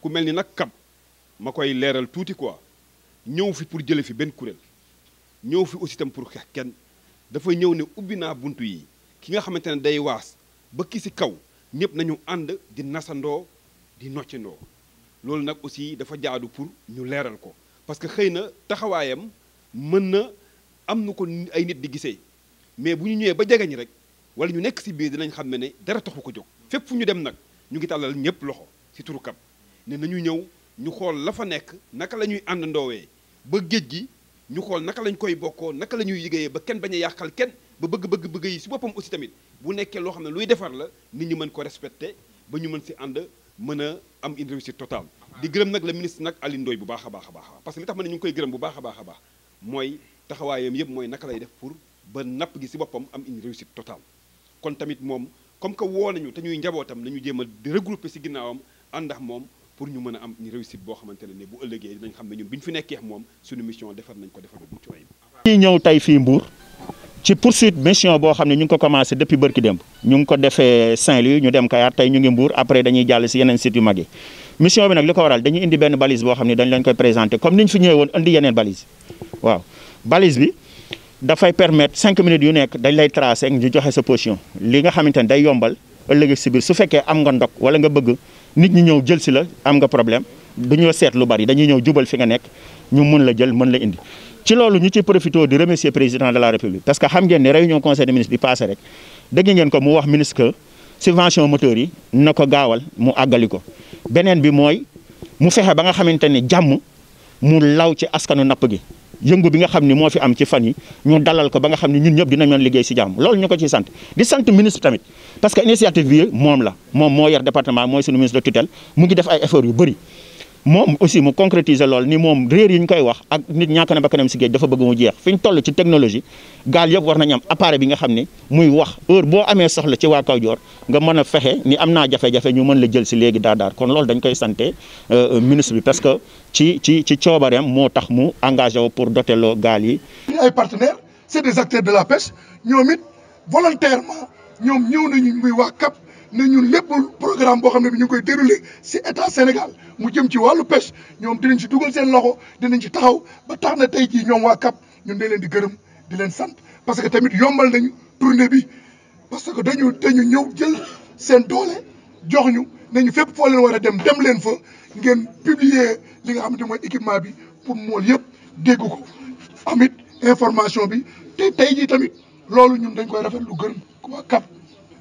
ku mel ni nag kab ma koy leeral tuuti quoi ñëw fi pour jële fi benn kuréel ñëw fi aussi tam pour xeex kenn dafa ñëw ne ubbi naa bunt yi ki nga xamante ne day waas ba ki si kaw ñëpp nañu ànd di nasandoo di noccandoo loolu nag aussi dafa jaadu pour ñu leeral ko parce que xëy na taxawaayam mën na am na ko ay nit di gisee mais bu ñu ñëwee ba jegeñ rek wala ñu nekk si biir dinañ xam ne ne dara taxu ko jóg fépp fu ñu dem nag ñu ngi tàllal ñëpp loxo ci turu kab ne nañu ñëw ñu xool la fa nekk naka la ñuy ànd ndoowee ba géej gi ñu xool naka lañ koy bokkoo naka la ñuy liggéeyee ba kenn bañ a yàqal kenn ba bëgg bëgg bëgg yi si boppam aussi tamit bu nekkee loo xam ne luy defar la nit ñi mën ko respecté ba ñu mën si ànd mën a am une réussite di gërëm nag le ministre nag Alioune bu baax a baax baax parce que li tax ñu koy gërëm bu baax a baax a baax mooy yëpp mooy naka lay def pour ba napp gi si boppam am une réussite totale kon tamit moom comme que woo nañu te ñuy njabootam nañu jéem a di regrouper si ginnaawam ànd àndax moom pour ñu mën a am ñu réussite boo xamante ne bu ëllëgee dinañ xam ne ñun bi ñu fi nekkee moom suñu mission defar nañ ko defar bu mucc ayib. ñuy ñëw tey fii Mbour ci poursuite mission boo xam ne ñu ngi ko commencé depuis bërki démb ñu ngi ko defee Saint-Louis ñu dem Kayar tey ñu ngi Mbour après dañuy jàll si yeneen sites yu mag yi mission bi nag li ko waral dañuy indi benn balise boo xam ne dañ leen koy présenté comme ni ñu fi ñëwee woon indi yeneen balise waaw balise bi dafay permettre cinq minutes yu nekk dañ lay tracé ñu joxe sa position li nga xamante ne day yombal ëllëg si biir su fekkee am nga ndog wala nga bëgg nit ñi ñëw jël si la am nga problème dañoo seet lu bari dañuy ñëw jubal fi nga nekk ñu mën la jël mën la indi ci loolu ñu ci profité di remercier président de la république parce que xam ngeen ne réunion conseil des ministres bi passé rek dégg ngeen ko mu wax ministre que subvention moteur yi na ko gaawal mu àggali ko beneen bi mooy mu fexe ba nga xamante ne jàmm mu law ci askanu napp gi yëngu bi nga xam ni moo fi am ci fan yi ñu dalal ko ba nga xam ne ñun ñëpp dina mën liggéey si jàmm loolu ñu ko ciy sant di sant ministre tamit parce que initiative bi moom la moom moo yor département mooy suñu ministre de tutelle mu ngi def ay efforts yu bëri moom aussi mu concrétiser lool ni moom réer yi ñu koy wax ak nit ñàkk na bakkanam si géej dafa bëgg mu jeex fi ñu toll ci technologie gaal yëpp war nañu am appareil bi nga xam ne muy wax heure boo amee soxla ci waa Kajoor nga mën a fexe ni am naa jafe-jafe ñu mën la jël si léegi daadaar kon lool dañ koy sante euh, ministre bi parce que ci ci ci coobareem moo tax mu engagé wu pour doteloo gaal yi. ay partenaires c'est des acteurs de la pêche ñoom it volontairement ne ñun lépp programme boo xam se bi ñu ngi koy déroulé si état Sénégal mu jëm ci wàllu pêche ñoom dinañ ci dugal seen loxo que ci taxaw ba tax na tey jii ñoom waa CAP ñun dañ leen di gërëm di leen sant parce que tamit yombal nañu tournée bi parce que dañu dañu ñëw jël que doole jox ñu nañu fépp foo leen war a dem dem leen fa ngeen publier li nga xamante mooy que bi pour mool yëpp dégg ko amit que bi te tey jii tamit loolu ñun dañ koy rafet lu que waa CAP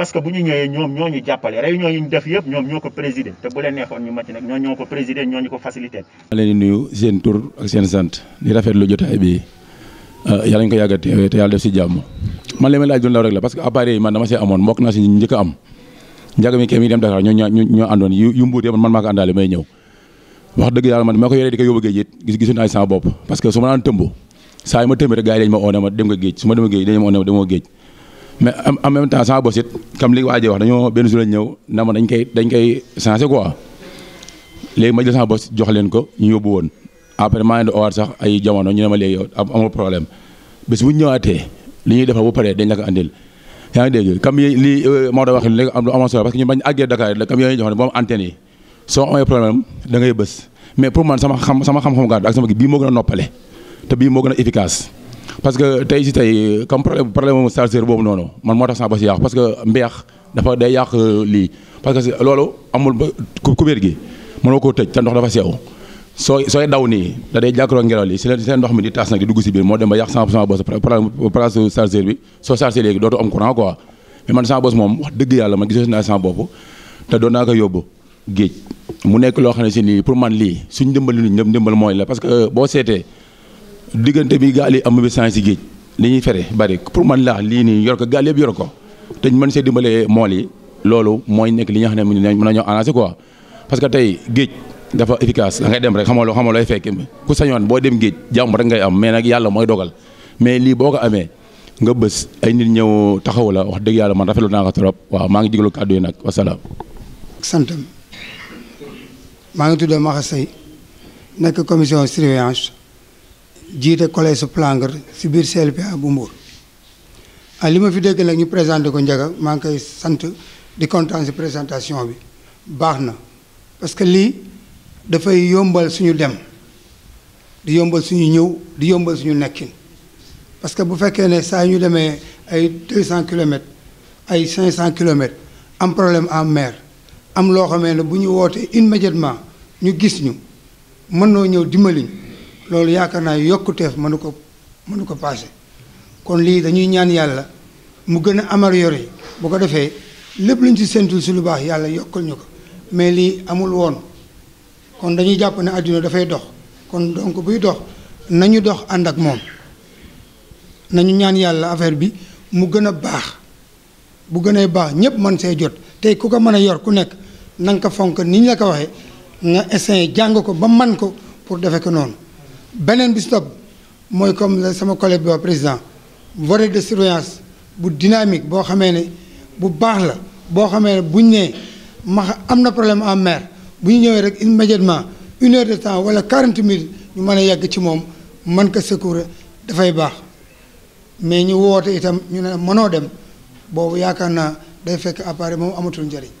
parce que bu ñu ñëwee ñoom ñoo ñu jàppale réunion yi ñu def yëpp ñoom ñoo ko présider te bu leen neexoon ñu màcc nag ñoo ñoo ko présider ñoo ñu ko faciliter. Euh, a teewee te man li may laaj doon law rek la parce que yi man dama see amoon mbokk naa si njëkk am njàng mi kii dem Dakar ñoo ñoo yu mbuut yëpp man maa ko àndaale may ñëw wax dëgg yàlla man maa ko yoree di ko yóbbu géej it gisu naa sama bopp parce su ma naan tëmb saa yi ma tëmb rek yi dañ ma oone ma dem nga mais en même temps sama bosit comme li waa ji wax dañoo benn jour lañ ñëw na ma dañ koy dañ koy changé quoi léegi ma jël sama bos jox leen ko ñu yóbbu woon après maa ngi di owaat sax ay jamono ñu ne ma léegi yow amul problème bés bu ñu ñëwaatee li ñuy defar bu paree dañ la ko andil yaa ngi dégg comme li euh, Maodo wax léegi am lu amoon solo parce que ñu bañ àggee Dakar la comme yooyu jox ne moom antenne yi soo amee problème da ngay bës mais pour man sama xam sama xam-xam gàddu ak sama bii moo noppale te bii moo gën parce que tey si tey comme problème problème chargeur boobu noonu man moo tax sama basi yàqu parce que mbeex dafa day yàq euh, lii parce que loolu amul ba gi mënoo koo tëj te ndox dafa sew sooy daw nii da day jàkkaaroo ngelaw li si leen ndox mi di taas nag di dugg si biir moo dem ba yàq sama sama bos place chargeur bi soo chargé léegi dootu am courant quoi man sama bos moom wax dëgg yàlla man gisoo si naa sama bopp te doon naa ko yóbbu géej mu nekk loo xam ne si pour man lii suñ dimbali ñu ñëpp dimbal mooy la parce que euh, boo seetee digënté bi gaali am bi sans ci géej li ñi fere bari pour man la li ni yor ko gaali yeb yor ko te man sé dimbalé dimbalee mool yi loolu mooy nekk li nga xamné mëna mën nañoo arrangé quoi parce que tay géej dafa efficace nga dem rek xamolo xamolo ay fekk ku sañon bo dem géej jamm rek ngay am mais nak yalla moy dogal mais li boko amé nga bëss ay nit ñëw taxaw la wax dëgg yalla man rafetlu na nga torop wa ma ngi diglu kàddu nak wa salam santam ma ngi tudd ma Sey nek commission surveillance. jiite collège su Palangre si biir CLPA bu Mbour ah, li ma fi dégg nag ñu présenté ko njaga maa ngi koy sant di kontaan si présentation bi baax na parce que lii dafay yombal suñu dem di yombal suñu ñëw di yombal suñu nekkin parce que bu fekkee ne saa ñu demee ay 200 cent kilomètres ay 500 cent kilomètres am problème en mer am loo xamee ne bu ñu wootee immédiatement ñu gis ñu mën noo ñëw dimbali loolu yaakaar naa yokkuteef mënu ko mënu ko paase kon lii dañuy ñaan yàlla mu gën a amélioré bu ko defee lépp luñ ci séntul si lu baax yàlla yokkal ñu ko mais lii amul woon kon dañuy jàpp ne àdduna dafay dox kon donc buy dox nañu dox ànd ak moom nañu ñaan yàlla affaire bi mu gën a baax bu gënee baax ñëpp mën see jot tey ku ko mën a yor ku nekk nanga ko fonk ni la ko waxee nga essayer jàng ko ba man ko pour defe ko noonu beneen bi si mooy comme la sama collège bi waa président volet de surveillance bu dynamique boo xamee ne bu baax la boo xamee ne buñ nee ma am na problème en mer bu ñu ñëwee rek immédiatement une heure de temps wala 40 minutes ñu mën a yàgg ci moom mën ko secourir dafay baax mais ñu woote itam ñu ne mënoo dem boobu yaakaar naa day fekk appareil moom amatul njëriñ.